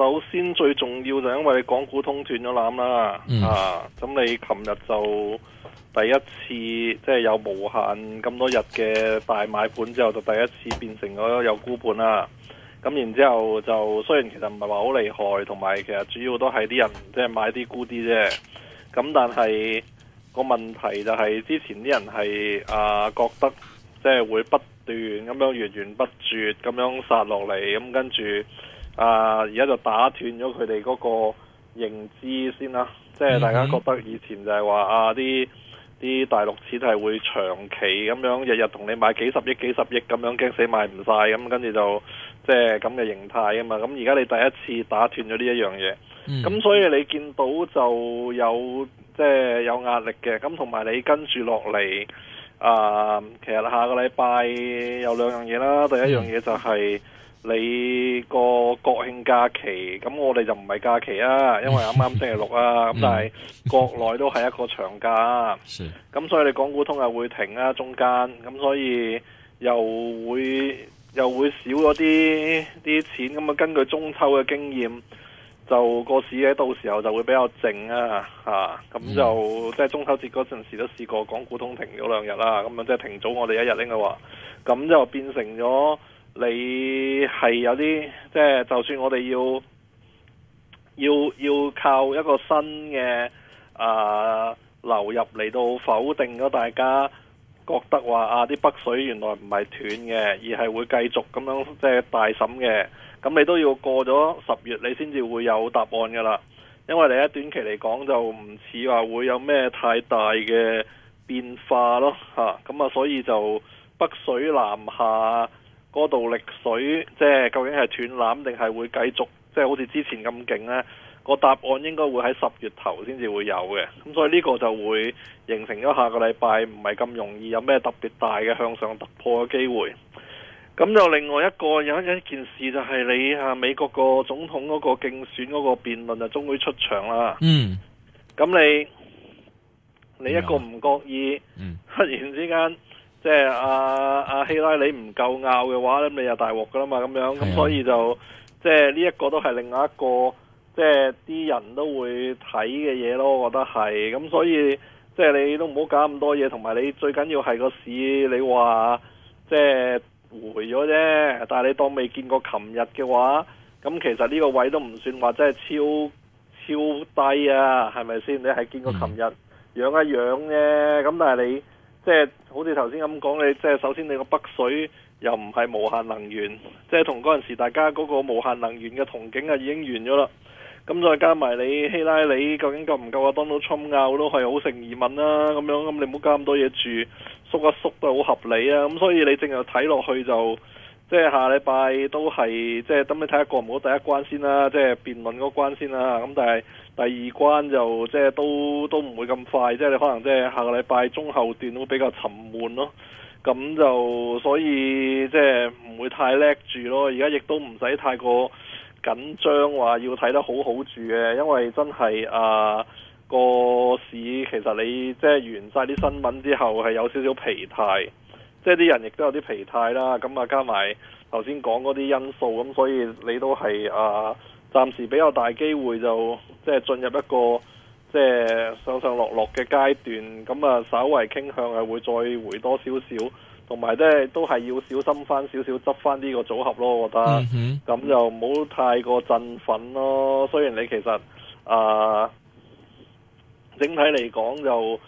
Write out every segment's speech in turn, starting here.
首先最重要就因為你港股通斷咗纜啦，啊，咁你琴日就第一次即係、就是、有無限咁多日嘅大買盤之後就第一次變成咗有沽盤啦。咁然之後就雖然其實唔係話好厲害，同埋其實主要都係啲人即係、就是、買啲沽啲啫。咁但係，個問題就係之前啲人係啊覺得即係會不斷咁樣源源不絕咁樣殺落嚟，咁、嗯、跟住。啊！而家就打斷咗佢哋嗰個認知先啦，即係大家覺得以前就係話啊啲啲大陸錢係會長期咁樣日日同你買幾十億幾十億咁樣，驚死買唔晒咁，跟住就即係咁嘅形態啊嘛。咁而家你第一次打斷咗呢一樣嘢，咁、嗯、所以你見到就有即係、就是、有壓力嘅。咁同埋你跟住落嚟啊，其實下個禮拜有兩樣嘢啦。第一樣嘢就係、是。你個國慶假期咁，我哋就唔係假期啊，因為啱啱星期六啊，咁 但係國內都係一個長假咁、啊、 所以你港股通又會停啊，中間咁所以又會又會少咗啲啲錢，咁啊根據中秋嘅經驗，就個市喺到時候就會比較靜啊，吓、啊、咁就即係 中秋節嗰陣時都試過港股通停咗兩日啦，咁樣即係停早我哋一日呢個話，咁就變成咗。你係有啲即係，就是、就算我哋要要要靠一個新嘅啊、呃、流入嚟到否定咗大家覺得話啊啲北水原來唔係斷嘅，而係會繼續咁樣即係、就是、大審嘅。咁你都要過咗十月，你先至會有答案噶啦。因為你喺短期嚟講就唔似話會有咩太大嘅變化咯，吓咁啊，所以就北水南下。嗰度逆水，即係究竟係斷纜定係會繼續，即係好似之前咁勁，呢個答案應該會喺十月頭先至會有嘅，咁所以呢個就會形成咗下個禮拜唔係咁容易有咩特別大嘅向上突破嘅機會。咁又另外一個有一件事就係你、啊、美國個總統嗰個競選嗰個辯論就終於出場啦。嗯。咁你你一個唔覺意，嗯、忽然之間。即係阿阿希拉里唔夠拗嘅話咧，你又大鑊噶啦嘛咁樣，咁所以就即係呢一個都係另外一個，即係啲人都會睇嘅嘢咯，我覺得係咁，所以即係、就是、你都唔好搞咁多嘢，同埋你最緊要係個市，你話即係回咗啫，但係你當未見過琴日嘅話，咁其實呢個位都唔算話真係超超低啊，係咪先？你係見過琴日養一養啫，咁但係你。即係好似頭先咁講，你即係首先你個北水又唔係無限能源，即係同嗰陣時大家嗰個無限能源嘅憧憬啊已經完咗啦。咁再加埋你希拉里究竟夠唔夠啊？Donald Trump 拗、啊、都係好成疑問啦、啊。咁樣咁你唔好加咁多嘢住，縮一縮都好合理啊。咁所以你淨係睇落去就。即、就、係、是、下禮拜都係，即係等你睇下過唔過第一關先啦，即、就、係、是、辯論嗰關先啦。咁但係第二關就即係、就是、都都唔會咁快，即、就、係、是、你可能即係下個禮拜中後段會比較沉悶咯。咁就所以即係唔會太叻住咯。而家亦都唔使太過緊張，話要睇得好好住嘅，因為真係啊、那個市其實你即係、就是、完晒啲新聞之後係有少少疲態。即係啲人亦都有啲疲態啦，咁啊加埋頭先講嗰啲因素，咁所以你都係啊，暫時比較大機會就即係進入一個即係上上落落嘅階段，咁啊稍為傾向係會再回多少少，同埋即係都係要小心翻少少執翻呢個組合咯，我覺得，咁、mm-hmm. 就唔好太過振奮咯。雖然你其實啊，整體嚟講就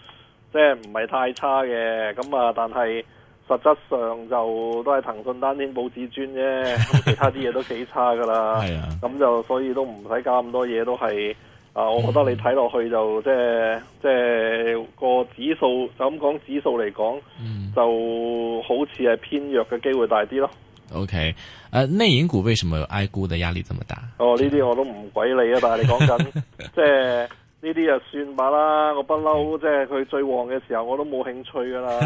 即係唔係太差嘅，咁啊但係。實質上就都係騰訊單天保至尊啫，其他啲嘢都幾差噶啦。係 啊，咁就所以都唔使搞咁多嘢，都係啊。我覺得你睇落去就、嗯、即係即係個指數，就咁講指數嚟講、嗯，就好似係偏弱嘅機會大啲咯。OK，誒、呃，內銀股為什麼有挨沽嘅壓力這麼大？哦，呢啲我都唔鬼理啊， 但係你講緊 即係。呢啲就算吧啦，我不嬲，即係佢最旺嘅時候我都冇興趣㗎喇。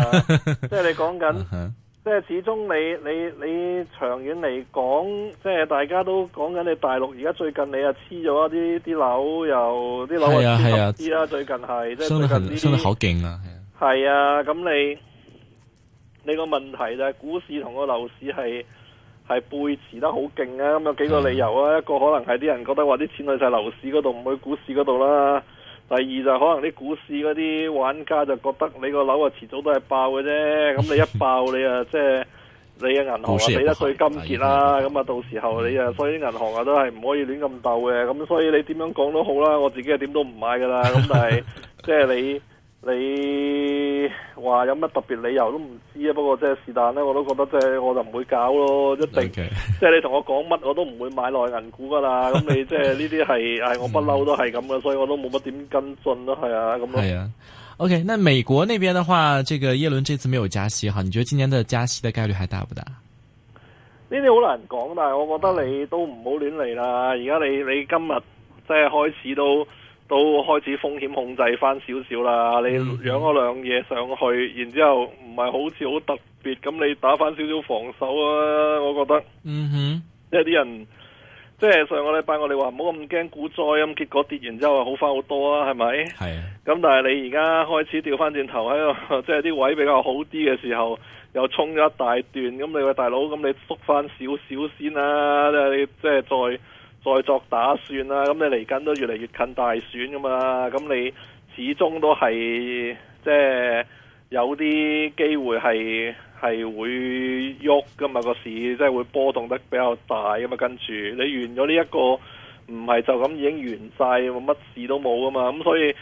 即 係、就是、你講緊，即係始終你你你長遠嚟講，即、就、係、是、大家都講緊你大陸而家最近你又黐咗一啲啲樓，又啲樓係升啊，啲啦、啊。最近係，即係最近升得得好勁啊！係啊，咁、啊、你你個問題就係股市同個樓市係。係背馳得好勁啊！咁、嗯、有幾個理由啊？一個可能係啲人覺得話啲錢去晒樓市嗰度，唔去股市嗰度啦。第二就可能啲股市嗰啲玩家就覺得你個樓啊遲早都係爆嘅啫。咁你一爆你啊，即 係你嘅銀行死得最金錢啦。咁啊，到時候你啊，所以銀行啊都係唔可以亂咁鬥嘅。咁所以你點樣講都好啦，我自己係點都唔買㗎啦。咁但係即係你你。你話有乜特別理由都唔知啊，不過即係是但咧，我都覺得即係我就唔會搞咯，一定、okay. 即係你同我講乜我都唔會買內銀股噶啦。咁 你即係呢啲係係我不嬲都係咁嘅， 所以我都冇乜點跟進、啊、咯，係啊咁咯。係啊，OK，那美國呢邊嘅話，這個耶倫這次沒有加息哈，你覺得今年的加息的概率還大不大？呢啲好難講，但係我覺得你都唔好亂嚟啦。而家你你今日即係開始都。都開始風險控制翻少少啦，你養咗兩嘢上去，然之後唔係好似好特別咁，你打翻少少防守啊，我覺得。嗯哼，即係啲人，即係上個禮拜我哋話唔好咁驚股災啊，咁結果跌完之後好翻好多啊，係咪？係啊。咁但係你而家開始掉翻轉頭喺度，即係啲位比較好啲嘅時候，又衝咗一大段，咁你話大佬，咁你縮翻少少先啦，你即係即係再。再作打算啦，咁你嚟緊都越嚟越近大選噶嘛，咁你始終都係即係有啲機會係係會喐噶嘛，個市即係會波動得比較大噶嘛，跟住你完咗呢一個唔係就咁已經完晒，咪乜事都冇噶嘛，咁所以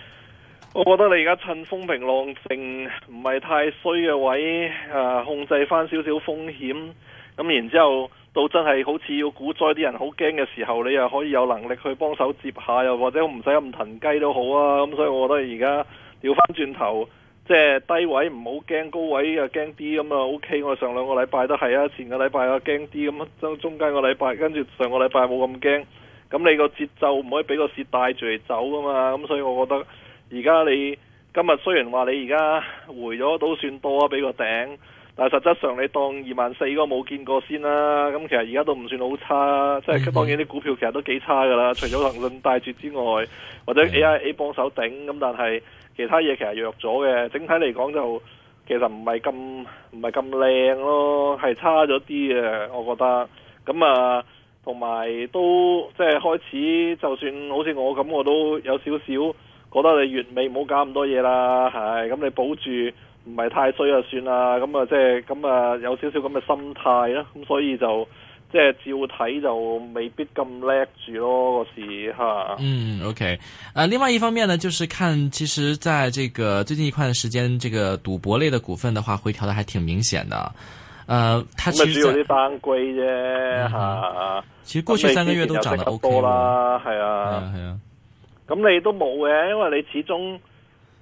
我覺得你而家趁風平浪靜，唔係太衰嘅位啊，控制翻少少風險。咁然之後，到真係好似要股災啲人好驚嘅時候，你又可以有能力去幫手接下，又或者唔使咁騰雞都好啊！咁、嗯、所以我覺得而家調翻轉頭，即係、就是、低位唔好驚，高位又驚啲咁啊。嗯、o、OK, K，我上兩個禮拜都係啊，前個禮拜啊驚啲咁啊，中中間個禮拜跟住上個禮拜冇咁驚。咁你個節奏唔可以俾個市帶住嚟走啊嘛！咁所以我覺得而家你今日雖然話你而家回咗都算多，啊，俾個頂。但實質上，你當二萬四個冇見過先啦。咁其實而家都唔算好差， 即係當然啲股票其實都幾差㗎啦。除咗騰訊大絕之外，或者 AIA 幫手頂咁，但係其他嘢其實弱咗嘅。整體嚟講就其實唔係咁唔係咁靚咯，係差咗啲嘅，我覺得。咁啊，同埋都即係開始，就算好似我咁，我都有少少覺得你月尾唔好搞咁多嘢啦，係咁你保住。唔係太衰啊，算啦，咁啊即係，咁啊有少少咁嘅心態啦，咁所以就即係照睇就未必咁叻住咯個市嚇。嗯，嗯，嗯，嗯，嗯，OK，啊，另外一方面呢，就是看其實在這個最近一段時間，這個賭博類嘅股份的話，回調得還挺明顯嘅。呃，佢主要啲班龜啫嚇。其實過去三個月都漲得 OK 啦、嗯，係啊係啊。咁、嗯、你、嗯、都冇嘅，因為你始終。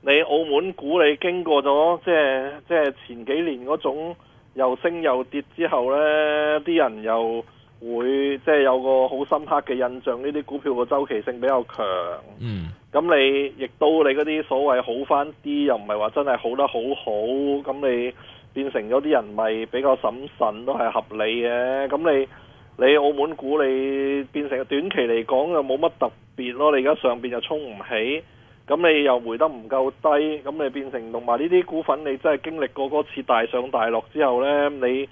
你澳門股你經過咗即係即係前幾年嗰種又升又跌之後呢，啲人又會即係有個好深刻嘅印象，呢啲股票個週期性比較強。嗯，咁你亦都你嗰啲所謂好返啲，又唔係話真係好得好好，咁你變成咗啲人咪比較審慎都係合理嘅。咁你你澳門股你變成短期嚟講又冇乜特別咯，你而家上面又衝唔起。咁你又回得唔夠低，咁你變成同埋呢啲股份，你真係經歷過嗰次大上大落之後呢，你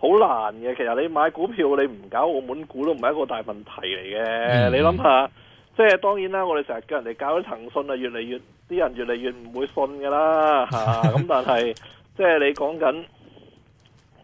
好難嘅。其實你買股票，你唔搞澳門股都唔係一個大問題嚟嘅。嗯、你諗下，即係當然啦，我哋成日叫人哋搞啲騰訊越來越越來越 啊，越嚟越啲人越嚟越唔會信噶啦嚇。咁但係即係你講緊，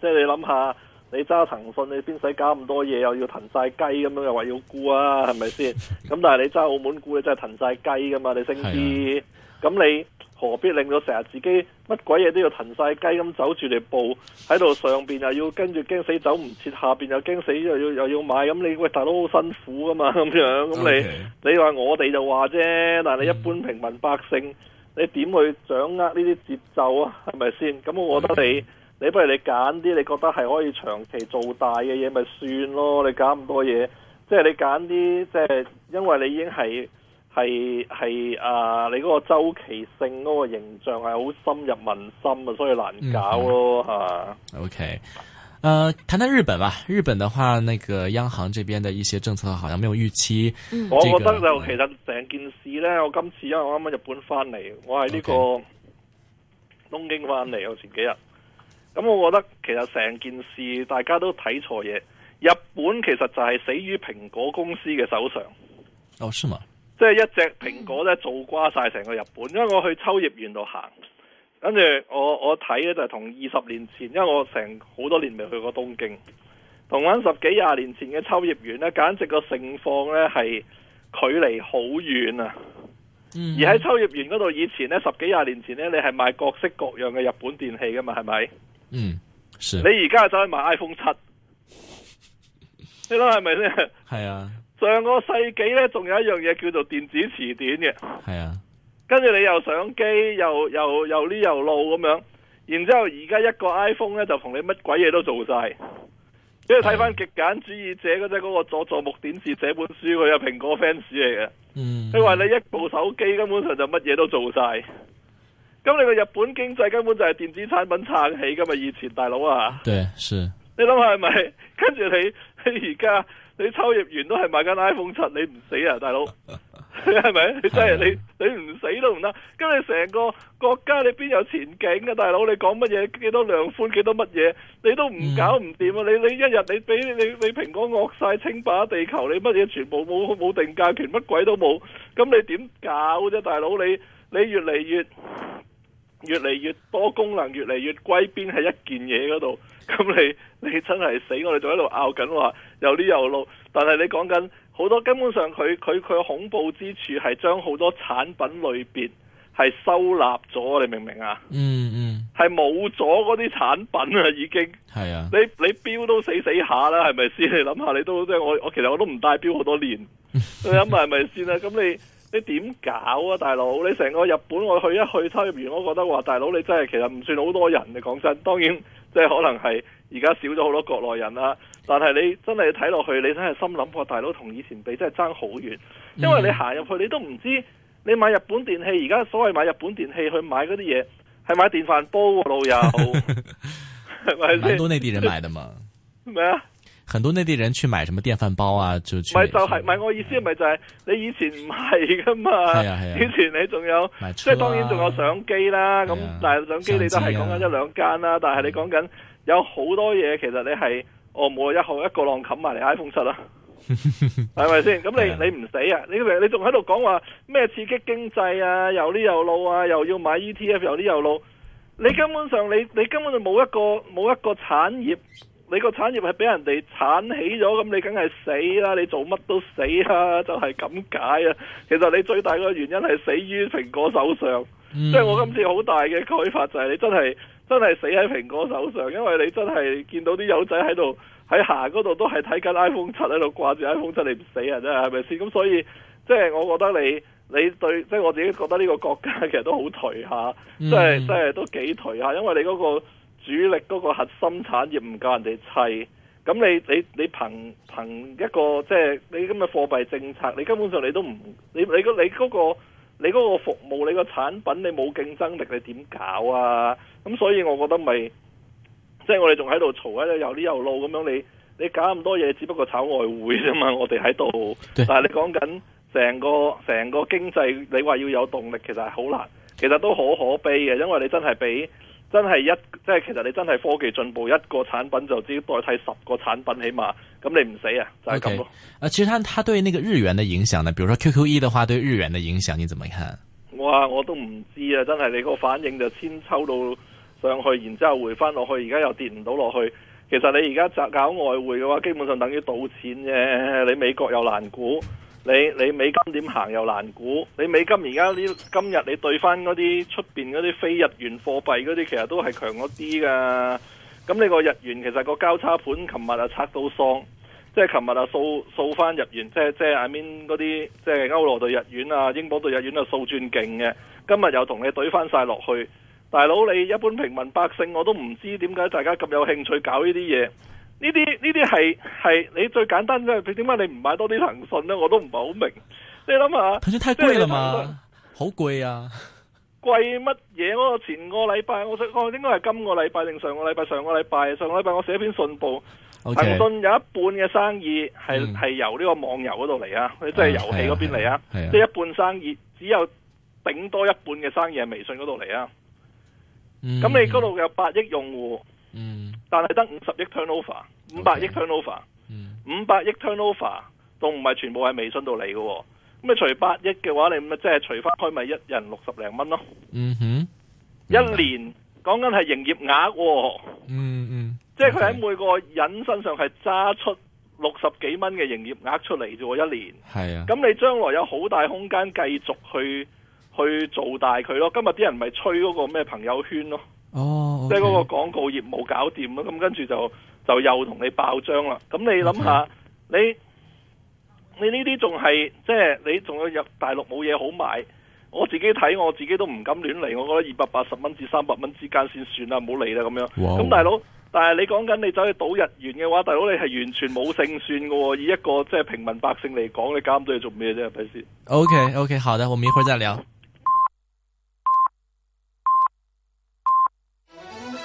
即係你諗下。你揸騰訊，你邊使搞咁多嘢，又要騰晒雞咁樣，又話要沽啊，係咪先？咁 但係你揸澳門股，你真係騰晒雞噶嘛？你升啲，咁 你何必令到成日自己乜鬼嘢都要騰晒雞咁走住嚟報，喺度上邊又要跟住驚死走，走唔切下邊又驚死，又要又要買，咁你喂，大佬好辛苦噶嘛咁樣？咁、okay. 你你話我哋就話啫，但係你一般平民百姓， 你點去掌握呢啲節奏啊？係咪先？咁 我覺得你。 你不如你揀啲你覺得係可以長期做大嘅嘢，咪算咯。你揀咁多嘢，即係你揀啲，即係因為你已經係係係啊！你嗰個周期性嗰個形象係好深入民心啊，所以難搞咯嚇。O K，誒，談談日本吧，日本嘅話，那個央行這邊的一些政策，好像沒有預期，這個。我覺得就其實成件事呢，嗯、我今次因為我啱啱日本翻嚟，我喺呢個東京翻嚟，我、okay. 前幾日。咁我覺得其實成件事大家都睇錯嘢，日本其實就係死於蘋果公司嘅手上。哦，是嘛？即係一隻蘋果咧，做瓜晒成個日本。因為我去秋葉原度行，看跟住我我睇咧就係同二十年前，因為我成好多年未去過東京，同緊十幾廿年前嘅秋葉原咧，簡直個盛況咧係距離好遠啊！嗯、而喺秋葉原嗰度，以前咧十幾廿年前咧，你係賣各式各樣嘅日本電器噶嘛，係咪？嗯，是你而家走去買 iPhone 七，你諗係咪先？係啊，上個世紀咧，仲有一樣嘢叫做電子詞典嘅，係啊。跟住你又相機，又又又呢又路咁樣，然之後而家一個 iPhone 咧就同你乜鬼嘢都做晒。跟住睇翻極簡主義者嗰啲嗰個《佐佐木典士》寫本書，佢有蘋果 fans 嚟嘅。嗯，你話你一部手機根本上就乜嘢都做晒。咁你個日本經濟根本就係電子產品撐起噶嘛？以前大佬啊，對，是你諗下係咪？跟住你，你而家你秋葉原都係買緊 iPhone 七， 你唔死啊，大佬？係係咪？你係你，你唔死都唔得。咁你成個國家你邊有前景啊，大佬？你講乜嘢？幾多量寬？幾多乜嘢？你都唔搞唔掂啊！你、嗯、你一日你俾你你蘋果惡晒清白地球，你乜嘢全部冇冇定價權，乜鬼都冇。咁你點搞啫，大佬？你你越嚟越。越嚟越多功能，越嚟越歸邊喺一件嘢嗰度，咁你你真係死，我哋仲喺度拗緊話有啲又路，但係你講緊好多根本上佢佢佢恐怖之處係將好多產品類別係收納咗，你明唔明啊？嗯嗯，係冇咗嗰啲產品啊，已經係啊，你你錶都死死下啦，係咪先？你諗下，你都即係我我其實我都唔戴錶好多年， 你諗下係咪先啊？咁你。你點搞啊，大佬？你成個日本我去一去，秋葉原我覺得話，大佬你真係其實唔算好多人。你講真，當然即係可能係而家少咗好多國內人啦。但係你真係睇落去，你真係心諗話，大佬同以前比真係爭好遠。因為你行入去，你都唔知你買日本電器，而家所謂買日本電器去買嗰啲嘢，係買電飯煲又好，係咪先？都 呢啲人買嘛咩啊？ 很多內地人去買什麼電飯煲啊，就唔係就係、係，唔係我意思，唔係就係你以前唔係噶嘛、啊啊，以前你仲有，啊、即係當然仲有相機啦，咁、啊、但係相機你都係講緊一兩間啦，啊、但係你講緊有好多嘢，其實你係我五月一號一個浪冚埋嚟 iPhone 七啦、啊，係咪先？咁你、啊、你唔死啊？你你仲喺度講話咩刺激經濟啊？又呢又路啊，又要買 ETF 又呢又路，你根本上你你根本就冇一個冇一個產業。你個產業係俾人哋鏟起咗，咁你梗係死啦！你做乜都死啦，就係咁解啊。其實你最大嘅原因係死於蘋果手上，即、嗯、係、就是、我今次好大嘅改法就係你真係真係死喺蘋果手上，因為你真係見到啲友仔喺度喺行嗰度都係睇緊 iPhone 七喺度掛住 iPhone 七，你唔死啊真係係咪先？咁所以即係、就是、我覺得你你對即係、就是、我自己覺得呢個國家其實都好頹下，即係即係都幾頹下，因為你嗰、那個。主力嗰個核心產業唔夠人哋砌，咁你你你憑憑一個即係、即係、你咁嘅貨幣政策，你根本上你都唔你你，你、嗰個你嗰個你嗰個服務你個產品你冇競爭力，你點搞啊？咁所以我覺得咪即係我哋仲喺度嘈喺度又呢又路咁樣你，你搞你搞咁多嘢，只不過炒外匯啫嘛。我哋喺度，但係你講緊成個成個經濟，你話要有動力，其實係好難，其實都好可，可悲嘅，因為你真係俾。真係一，即係其實你真係科技進步一個產品就只代替十個產品起碼，咁你唔死啊？就係咁啊，okay. 其實他他對那個日元的影響呢？比如說 QQE 的話對日元的影響，你怎麼看？哇，我都唔知啊！真係你個反應就先抽到上去，然之後回翻落去，而家又跌唔到落去。其實你而家搞外匯嘅話，基本上等於賭錢啫。你美國又難估。你你美金點行又難估，你美金而家呢，今日你對翻嗰啲出面嗰啲非日元貨幣嗰啲，其實都係強嗰啲噶。咁你個日元其實個交叉盤，琴日啊拆到喪，即係琴日啊掃掃翻日元，即係即係 I mean 嗰啲，即係歐羅對日元啊、英鎊對日元啊掃轉勁嘅。今日又同你對翻晒落去，大佬，你一般平民百姓，我都唔知點解大家咁有興趣搞呢啲嘢。呢啲呢啲係係你最簡單啫，點解你唔買多啲騰訊咧？我都唔係好明。你諗下，騰訊太貴啦嘛，好貴啊！貴乜嘢？我前個禮拜我想我應該係今個禮拜定上個禮拜，上個禮拜上個禮拜我寫篇信報，okay，騰訊有一半嘅生意係係、嗯、由呢個網遊嗰度嚟啊，即係遊戲嗰邊嚟啊，即係、啊啊就是、一半生意只有頂多一半嘅生意係微信嗰度嚟啊。咁、嗯、你嗰度有八億用戶。但係得五十億 turnover，五百億 turnover，五百億 turnover、嗯、都唔係全部喺微信度嚟嘅。咁你除八億嘅話，你咪即係除翻開咪、就是、一人六十零蚊咯。嗯哼，一年講緊係營業額。嗯嗯，即係佢喺每個人身上係揸出六十幾蚊嘅營業額出嚟啫喎，一年。係啊。咁你將來有好大空間繼續去去做大佢咯。今日啲人咪吹嗰個咩朋友圈咯。哦、oh, okay.，即係嗰個廣告業務搞掂啦，咁跟住就就又同你爆張啦。咁你諗下、okay.，你這些還是是，你呢啲仲係即係你仲要入大陸，冇嘢好買。我自己睇我自己都唔敢亂嚟，我覺得二百八十蚊至三百蚊之間先算啦，唔好嚟啦咁樣。咁、wow. 大佬，但係你講緊你走去賭日元嘅話，大佬你係完全冇勝算嘅、哦。以一個即係平民百姓嚟講，你搞咁多嘢做咩啫？係咪先 O K O K，好的，我們一會再聊。